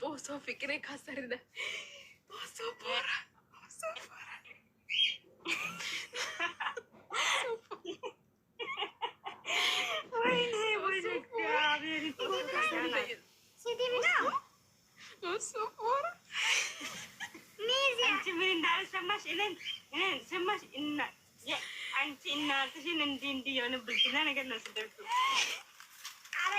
ጦሶ ፍቅሬ ካሰርነ ሰማሽ? እናትሽን እንዲህ እንዲህ የሆነ ብልግና ነገር ነው ስደርኩ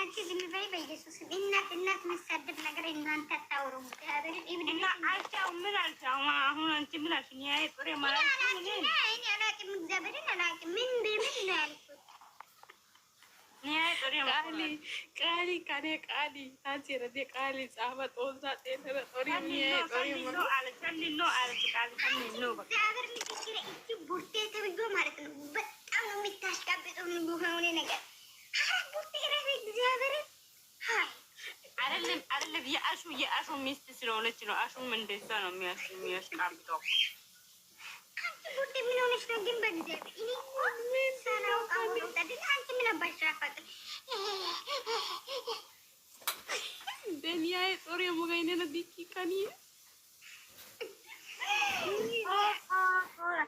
አንቺ ዝም በይ በኢየሱስ እናት እናት መሳደብ ነገር እናንተ አታውሩ። ምን አልሽ ነው ያልኩት? ቃሊ ምንም አይደለም። የአሹ የአሹ ሚስት ስለሆነች ነው። አሹም እንደዛ ነው የሚያስቃምጠው። ምን ሆነች ነው ግን? በዚያ ምን ምንድን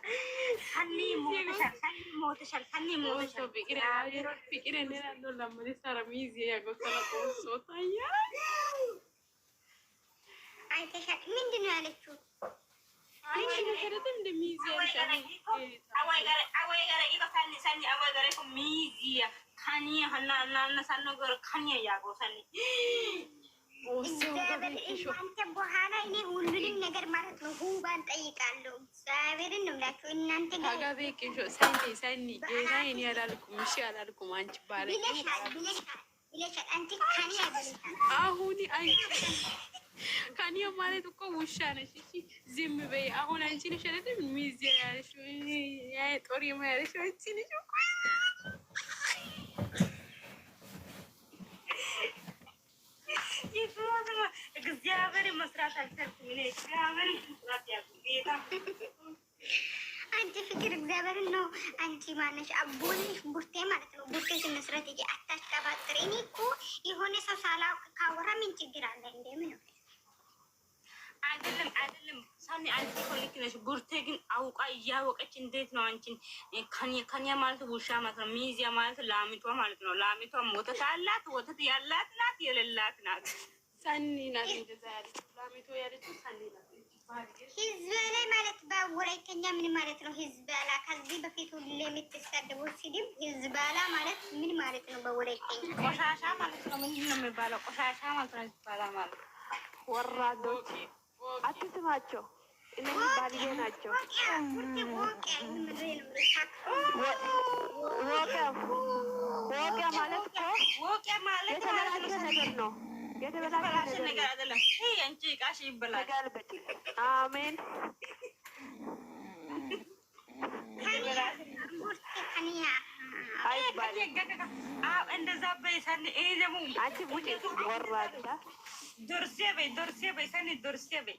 ሚዚ ከኒ ሀና ከኒ ያጎሰኒ ከአንተ በኋላ እኔ ሁሉንም ነገር ማለት ነው ሁባን ጠይቃለሁ። እግዚአብሔርን ነው የምላችሁ እናንተ አላልኩም። እሺ አላልኩም። አንቺ ካኒያ ማለት እኮ ውሻ ነሽ። እሺ ዝም በይ። አሁን አንቺ ነሽ አይደል ሚዜ ያለሽው ጦር የማያለሽው አንቺ ነሽ እኮ አንቺ ፍቅር እግዚአብሔር ነው። አንቺ ማነሽ? አቦንሽ ቡርቴ ማለት ነው። ቡርቴ ስንስረት እ አታሽቀባጥር። እኔ እኮ የሆነ ሰው ሳላውቅ ካወራ ምን ችግር አለ? እንደምን አይደለም፣ አይደለም ሳኒ አንቺ እኮ ልክ ነሽ። ቡርቴ ግን አውቃ እያወቀች እንዴት ነው አንቺን ከኛ ማለት ውሻ ማለት ነው፣ ሚዚያ ማለት ላሚቷ ማለት ነው። ላሚቷ ወተት አላት፣ ወተት ያላት ናት፣ የሌላት ናት። ሰኒ ናት ህዝብ ላይ ማለት በወላይተኛ ምን ማለት ነው? ህዝብ ከዚህ በፊት ሁሌ የምትሳደበው ሲድም ህዝብ ማለት ምን ማለት ነው? በወላይተኛ ቆሻሻ ማለት ነው። ምንድን ነው የሚባለው? ቆሻሻ ማለት ነው። ህዝብ ማለት ወራዶች፣ አትስማቸው። ናቸው። ማለት የተለያየ ነገር ነው። የተበላሸ ነገር አይደለም። አንቺ እቃሽ ይበላል። አሜን እንደዛ በይ ሰኒ። ይሄ ደግሞ አንቺ ወራዳ ዶርሴ በይ ዶርሴ በይ ሰኒ ዶርሴ በይ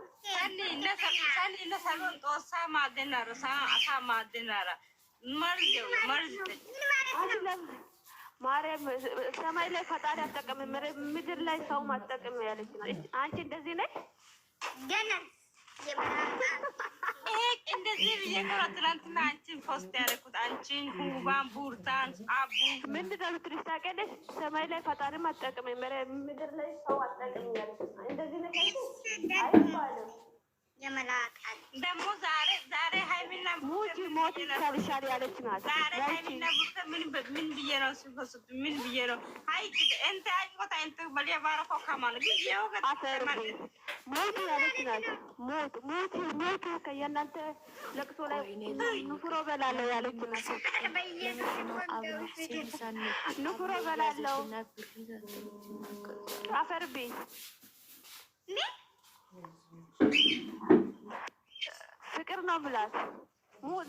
ማርያም ሰማይ ላይ ፈጣሪ አጠቅም ምድር ላይ ሰውም አጠቅም ያለች ነው። አንቺ እንደዚህ ነች ገና እንደዚህ ብዬ ነው ትናንትና አንቺን ፖስት ያደረኩት። አንቺን ሁባን ቡርታን አቡ ምንድን ነው ትሪስታቀለሽ ሰማይ ላይ ፈጣሪ ። አጠቅም ምድር ላይ ሰው አጠቅም እንደዚህ ነገር አይባልም። ደግሞ ዛሬ ዛሬ ሃይሚና ሙቲ ሞት ይተርሻል ያለች ናት። ዛሬ ሃይሚና ሙቲ ምን ምን ብዬ ነው ሲፈሱት ምን ብዬ ነው አይ እንት አይ ቆታ እንት በሊያ ባረኮ ከማን ጊዜው ከተማን ሙቲ ያለች ናት። ሙቲ ሙቲ ሙቲ ከየናንተ ለቅሶ ላይ ንፍሮ በላለው ያለች ናት። ንፍሮ በላለው አፈርቤ ፍቅር ነው ምላት።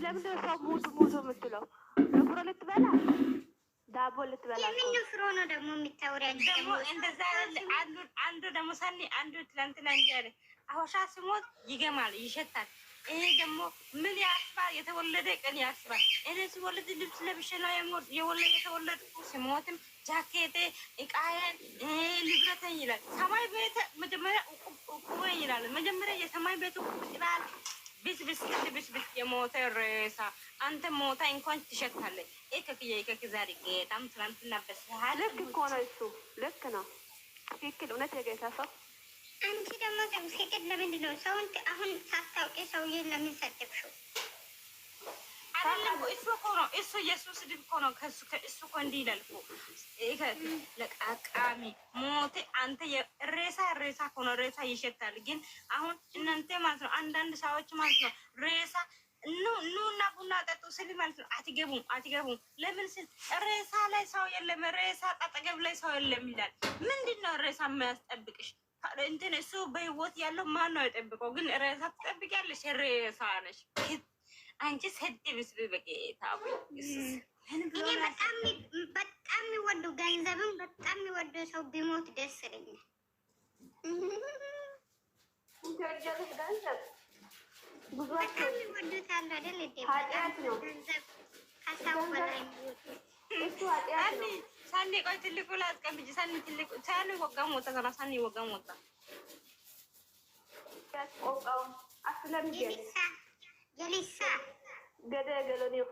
ለምንድን ነው ሰው ሙቱ ሙቱ የምትለው? ንፍሮ ልትበላ ዳቦ ልትበላ ንፍሮ ነው ደግሞ የሚታወሪያ ደግሞ እንደዛ አንዱ ደግሞ ሰኒ አንዱ ትላንትና እንጃለ አሁሻ ስሞት ይገማል፣ ይሸታል። ይሄ ደግሞ ምን ያስባል? የተወለደ ቀን ያስባል። እኔ ሲወለድ ልብስ ለብሼ ነው የወለደ የተወለድኩ። ስሞትም ጃኬቴ፣ እቃዬን፣ ንብረቴን ይላል ሰማይ ቤተ መጀመሪያ እኮ ይላል መጀመሪያ የሰማይ ቤት እኮ ይላል። ብስብስ ብስብስ የሞተ ሬሳ አንተ ሞታ እንኳን ትሸታለች። ዛሬ ጌታም ትናንትና በስሃል ልክ እኮ ነው። እሱ ልክ ነው። ትክክል እውነት የጌታ ሰው አንቺ ደግሞ ሲቅድ ለምንድን ነው ሰውን አሁን ሳታውቂ ሰውዬን ለምን ሰደብሽው? አይደለም እሱ እኮ ነው እሱ የሱስ ስድብ እኮ ነው። ከሱ ከእሱ እኮ እንዲህ ይላል እኮ ለቃቃሚ ሞቴ አንተ ሬሳ ሬሳ እኮ ነው። ሬሳ ይሸታል። ግን አሁን እናንተ ማለት ነው አንዳንድ ሰዎች ማለት ነው ሬሳ ኑ ኑና ቡና ጠጡ ስል ማለት ነው አትገቡም፣ አትገቡም። ለምን ስል ሬሳ ላይ ሰው የለም፣ ሬሳ አጠገብ ላይ ሰው የለም ይላል። ምንድን ነው ሬሳ የሚያስጠብቅሽ? እንትን እሱ በህይወት ያለው ማን ነው የጠብቀው? ግን ሬሳ ትጠብቂያለሽ። ሬሳ ነሽ አንቺ ሰድብስ በጌታ እኔ በጣም በጣም የሚወዱ ገንዘብም በጣም የሚወዱ ሰው ቢሞት ደስ ይለኛል። ሳኒ ቆይ ትልቁ ላስቀምጪ። ሳኒ ትልቁ ሳኒ ወጋ ሞታ ሳኒ ወጋ ሞታ Yelisa. Gak ada galonio.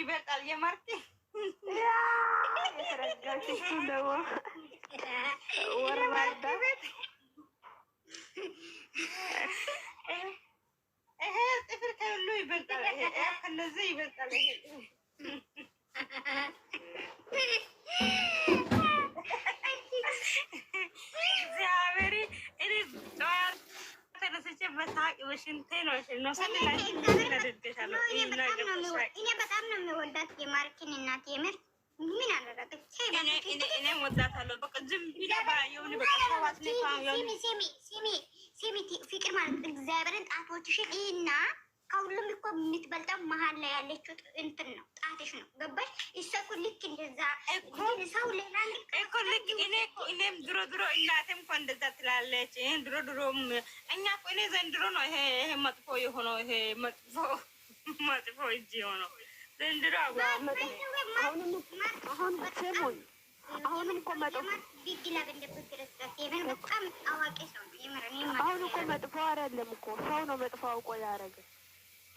ይበልጣል የማርቴ ያ የተረጋሽ እንደው በጣም ነው የምወዳት የማርኬን እናት የምር የምትበልጠው መሀል ላይ ያለችው እንትን ነው፣ ጣትሽ ነው። ገባሽ? እሷ ልክ እንደዛ ሰው ሌላ እኮ ልክ እኔም ድሮ ድሮ እናቴም እኮ እንደዛ ትላለች። ይህን ድሮ ድሮም እኛ እኮ እኔ ዘንድሮ ነው ይሄ ይሄ መጥፎ የሆነው ይሄ መጥፎ መጥፎ እጅ የሆነው ዘንድሮ አሁን አሁንም እኮ መጥፎ አሁን እኮ መጥፎ አይደለም እኮ ሰው ነው መጥፎ አውቆ ያደረገ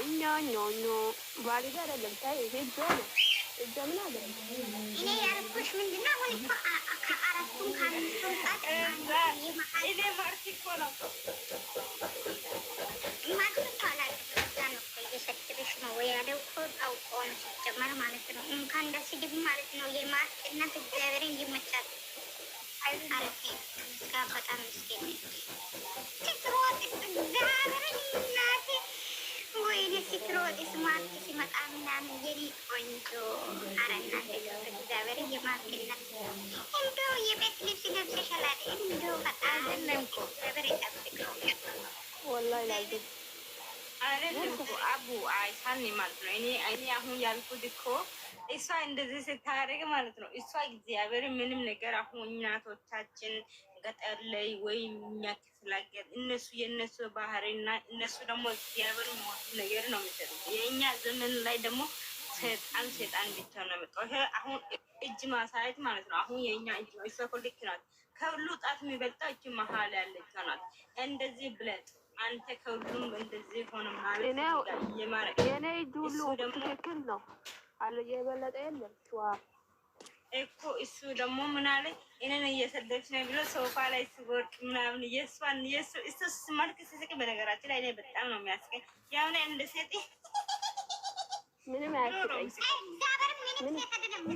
እኛ ኖ ኖ አይደለም ታይ ይሄ ጆ ነው። እጆ ምን አለ እኔ ያልኩሽ ምንድን ነው? አሁን እኮ ከአራቱም ከአምስቱም ጣት ይሄ ማርቲ እኮ ነው። ማርቲ እኮ አላውቅም። ነው እየሰድብሽ ነው ወይ ያለው እኮ አውቆ ነው ሲጀመር ማለት ነው። እንኳን ደስ ይበል ማለት ነው። የማርቲ እናት እግዚአብሔር ይመቻት። አሪፍ ጋ በጣም ምስጌ ችግሮት እግዚአብሔርን እናት ወይኔ ስትሮጥ ስማርት ሲመጣ ምናምን የኔ ቆንጆ አረና እግዚአብሔር የማርክነት እንደው የቤት ልብስ ለብሰሻል እንደው በጣም እግዚአብሔር ይጠብቀው። ወላሂ እኮ አቡ አይሳኒ ማለት ነው። እኔ እኔ አሁን ያልኩት እኮ እሷ እንደዚህ ስታደርግ ማለት ነው እሷ እግዚአብሔር ምንም ነገር አሁን እናቶቻችን ገጠር ላይ ወይም እኛ ክፍለ ሀገር እነሱ የእነሱ ባህሪና እነሱ ደግሞ እግዚአብሔር ነገር ነው የሚሰሩት። የእኛ ዘመን ላይ ደግሞ ሰይጣን ሰይጣን ብቻ ነው የሚመጣው። ይሄ አሁን እጅ ማሳየት ማለት ነው። አሁን የእኛ እጅ ነው። እሷ እኮ ልክ ናት። ከሁሉ ጣት የሚበልጠው እጅ መሀል ያለች ናት። እንደዚህ ብለጥ አንተ ከሁሉም እንደዚህ ሆነ ማለት የማረ የእኔ እጅ ሁሉ ትክክል ነው አለ የበለጠ የለም ዋ እኮ እሱ ደግሞ ምን አለ እኔን እየሰደች ነው ብሎ ሶፋ ላይ ስወርቅ ምናምን እየሷን እየሱ እሱ ስማልክ ሲስቅ፣ በነገራችን ላይ እኔ በጣም ነው የሚያስቀኝ። ያሁን እንደ ሴት ምንም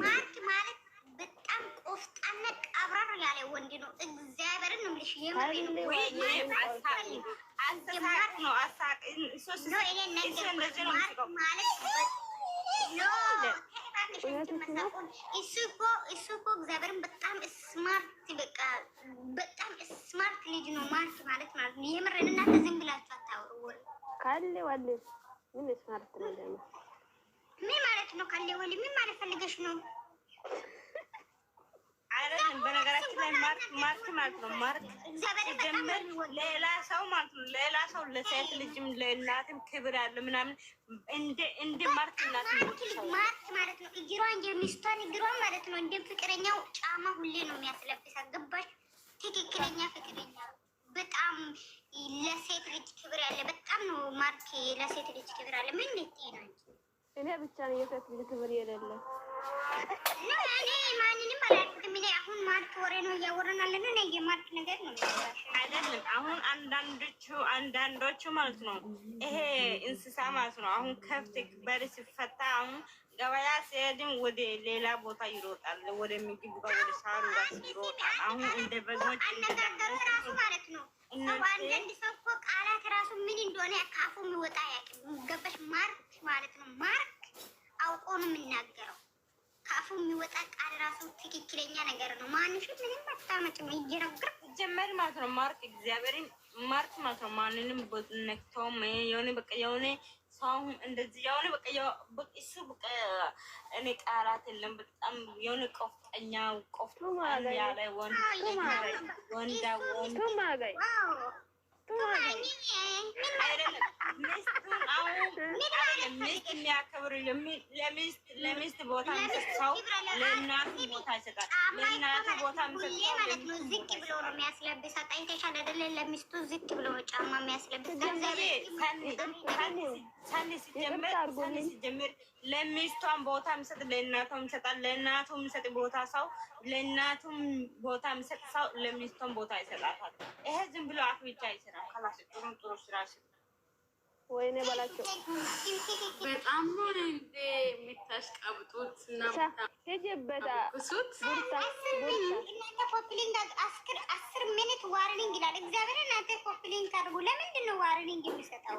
ማርክ ማለት በጣም ቆፍጣና ቀብረር ያለ ወንድ ነው። እግዚአብሔርን ነው የምልሽ። ታውቂያለሽ የምትመሳቆን እሱ እኮ እሱ እኮ እግዚአብሔርን በጣም ስማርት በቃ በጣም ስማርት ልጅ ነው። ማርክ ማለት ማለት ነው። የምሬን እናንተ ዝም ብላችሁ አታውሩ። ካለ ወል ምን ስማርት ነው? ምን ማለት ነው? ካለ ወል ምን ማለት ፈልገሽ ነው? አይደለም። በነገራችን ላይ ማርክ ማለት ነው ማርክ ሲጀምር ሌላ ሰው ማለት ነው ሌላ ሰው ለሴት ልጅም ለእናትም ክብር አለ ምናምን እንደ ማርክ እናት ማርክ ማለት ነው እግሯን የሚስቷን እግሯን ማለት ነው እንደ ፍቅረኛው ጫማ ሁሌ ነው የሚያስለብሳ። ገባሽ? ትክክለኛ ፍቅረኛ በጣም ለሴት ልጅ ክብር ያለ በጣም ነው ማርክ ለሴት ልጅ ክብር አለ። ምን ነው እኔ ብቻ ነው የሴት ልጅ ክብር የሌለ እኔ ማንንም አላ ላይ አሁን ማርክ ወሬ ነው እያወራን ያለነው። እኔ የማርክ ነገር ነው አይደለም። አሁን አንዳንዶቹ አንዳንዶቹ ማለት ነው ይሄ እንስሳ ማለት ነው። አሁን ከብት በር ሲፈታ አሁን ገበያ ሲሄድም ወደ ሌላ ቦታ ይሮጣል፣ ወደ ምግብ ጋር ወደ ሳሩ ጋር ይሮጣል። አሁን እንደ በጎች አነጋገሩ ራሱ ማለት ነው። አንዳንድ ሰው እኮ ቃላት ራሱ ምን እንደሆነ ካፉ የሚወጣ ያውቅ ገበሽ ማርክ ማለት ነው። ማርክ አውቆ ነው የሚናገረው ከአፉ የሚወጣ ቃል ራሱ ትክክለኛ ነገር ነው። ማንሽ ምንም አታመጭም። ይጀነግር ጀመር ማለት ነው። ማርክ እግዚአብሔርን ማርክ ማለት ነው። ማንንም ነክተውም የሆነ በቃ የሆነ ሰው እንደዚህ የሆነ በቃ እሱ በቃ እኔ ቃላት የለም። በጣም የሆነ ቆፍጠኛ ቆፍቶ ያለ ወንድ ወንዳ ወንድ አይደለም የሚቅ የሚያከብር ለሚስት ቦታ ሰው ለእናቱ ቦታ ይሰጣል። ለእናቱ ቦታ ማለት ነው። ዝቅ ብሎ ነው የሚያስለብሳት። አይተሻል አይደለ? ለሚስቱ ዝቅ ብሎ ጫማ የሚያስለብሳት። ሲጀምር ለሚስቷም ቦታ የሚሰጥ ለእናቷም ይሰጣል። ለእናቱ የሚሰጥ ቦታ ሰው ለእናቱም ቦታ የሚሰጥ ሰው ለሚስቷም ቦታ ይሰጣታል። ይሄ ዝም ብሎ አፍ ብቻ ይሰራል። ጥሩ ጥሩ ስራ ወይኔ በላቸው። በጣም ነው እንደ የምታሽቀብጡት እና አስር ሚኒት ዋርኒንግ ይላል እግዚአብሔር። እናንተ ኮፕሊንግ አድርጉ። ለምንድን ነው ዋርኒንግ የሚሰጠው?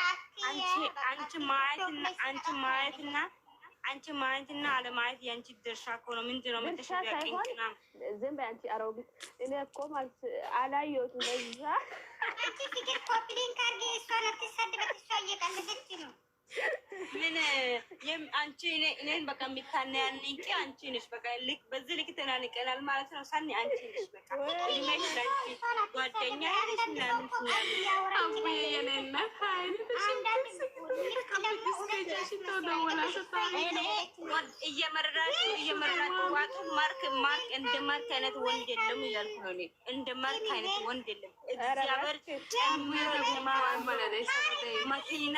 አንቺ ማየትና አንቺ ማየትና አንቺ ማየትና አለማየት የአንቺ ድርሻ እኮ ነው። ምንድን ነው የምትሸቂና? ዝም በይ አንቺ አሮጊት። እኔ እኮ ማለት አላየሁትም በዛ ምን አንቺ እኔን በቃ የሚታናያንቂ አንቺ ነሽ። በቃ ልክ በዚህ ልክ ተናንቀናል ማለት ነው። ሳኒ አንቺ ነሽ በቃ ማርክ ማርክ እንደ ማርክ አይነት ወንድ የለም እያልኩ ነው። እኔ እንደ ማርክ አይነት ወንድ የለም። እግዚአብሔር መኪና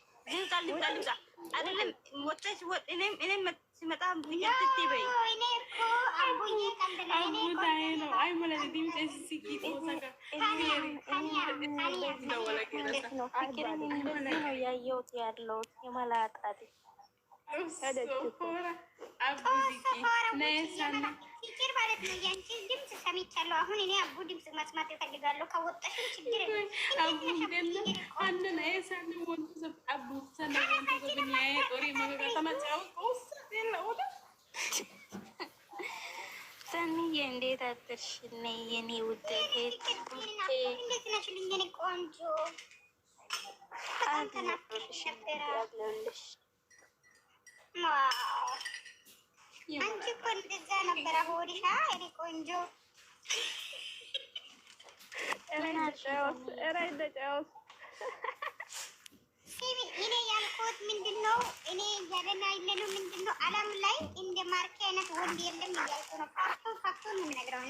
ልምጣ ልምጣ ልምጣ አይደለም ወጣች ወጥ እኔም እኔም ሲመጣ ቡኛ ትትበይ ያየሁት ያለሁት የመላጣ ችግር ማለት ነው። ያንቺ ድምፅ ሰምቻለሁ። አሁን እኔ አቡ ድምፅ መስማት እፈልጋለሁ። ከወጣሽን ችግር እንዴት አደርሽ? የኔ ውድ ቆንጆ ተናፍቀሽ አንቺ እኮ እንደዛ ነበረ ሆዲሻ እኔ ቆንጆ እኔ ያልኩት ምንድን ነው? እኔ እያለና የለነው ምንድን ነው? ላይ እንደ ማርኬ አይነት ወንድ የለም እያልኩ ነው። ፋክቱን ፋክቱን ነው የምነግረው።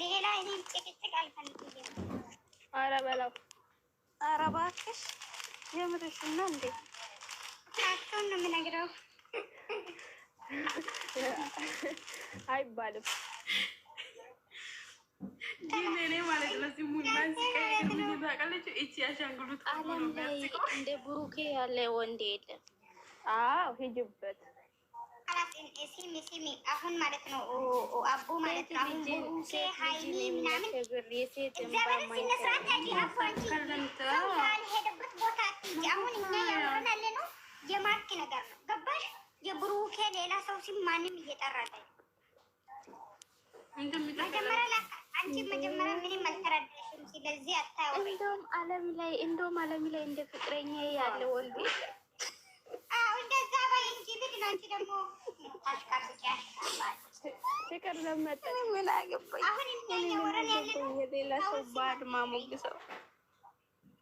ሌላ እኔ ጭቅጭቅ አልፈልግም። ኧረ በለው፣ ኧረ እባክሽ የምርሽና እንዴ! ፋክቱን ነው የምነግረው። አይባልም። ግን እኔ ማለት ለዚህ ሙላን ሲቀይታቃለች እቺ ያሻንጉሉት ዓለም ላይ እንደ ብሩኬ ያለ ወንድ የለም። አዎ ሂጅበት። ስሚ ስሚ፣ አሁን ማለት ነው አቦ ማለት ነው አሁን ብሩኬ ሀይሚ ምናምን እግዚአብሔር ስነ ያጅ አፏንቺ ካልሄደበት ቦታ አትሂጂ። አሁን እኛ ያሆናለ ነው የማርክ ነገር ነው ገባሽ? የብሩኬ ሌላ ሰው ሲም ማንም እየጠረጠ መጀመሪያ አንቺ መጀመሪያ ምንም አልተረዳሽም። ስለዚህ አታወሪ። እንደውም ዓለም ላይ እንደውም ዓለም ላይ እንደ ፍቅረኛ ያለ ወንድ አዎ፣ እንደዛ በይ እንጂ ልጅ ነው። አንቺ ደግሞ ታሽቃብቂያሽ። ፍቅር ለመጠ ምን አገባኝ አሁን ያለ ነው የሌላ ሰው ባድ ማሞግሰው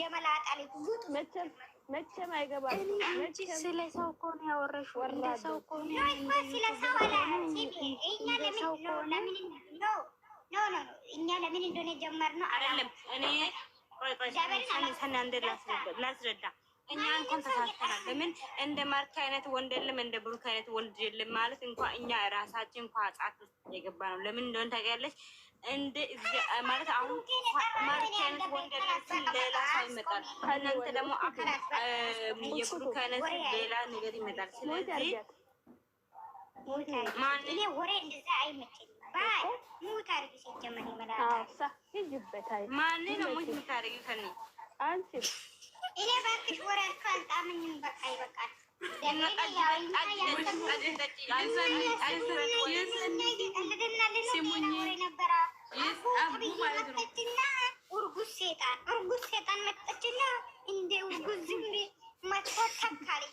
የመላጣ ልጅ መቼም መቼም አይገባም። መቼም ስለ ሰው እኮ ነው ያወራሽው። እንደ ሰው እኮ ነው ስለ ሰው እኛ ለምን እንደሆነ የጀመርነው አይደለም። እኔ ቆይ ቆይ ሰናንዴ ላስረዳ እኛ እንኳን ተሳስተናል። ለምን እንደ ማርክ አይነት ወንድ የለም፣ እንደ ብሩክ አይነት ወንድ የለም። ማለት እንኳን እኛ ራሳችን እንኳን ጻት የገባ ነው። ለምን እንደሆነ ታውቂያለሽ? እንደ ማለት አሁን ማርክ አይነት ሌላ ሰው ይመጣል። ከእናንተ ደግሞ የብሩክ አይነት ሌላ ነገር ይመጣል። ስለዚህ ማን ነው ሞት የምታደርጊው? ከእኔ እኔ እባክሽ ወሬ አልጣመኝም። በቃ ይበቃል። እርጉዝ ሴጣን መጣችና እንደ እርጉዝ ዝንቤ መጥፎ ተካለች።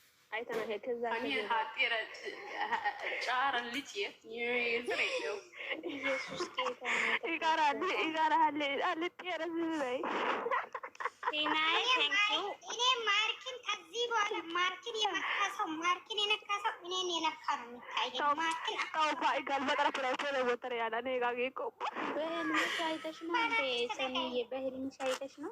አይተናል። ከዛ ማርኪን ከዚህ በኋላ ማርኪን የነካሰው ማርኪን የነካሰው እኔን የነካ ነው የሚታየው። ማርኪን በህልምሽ አይተሽ ነው።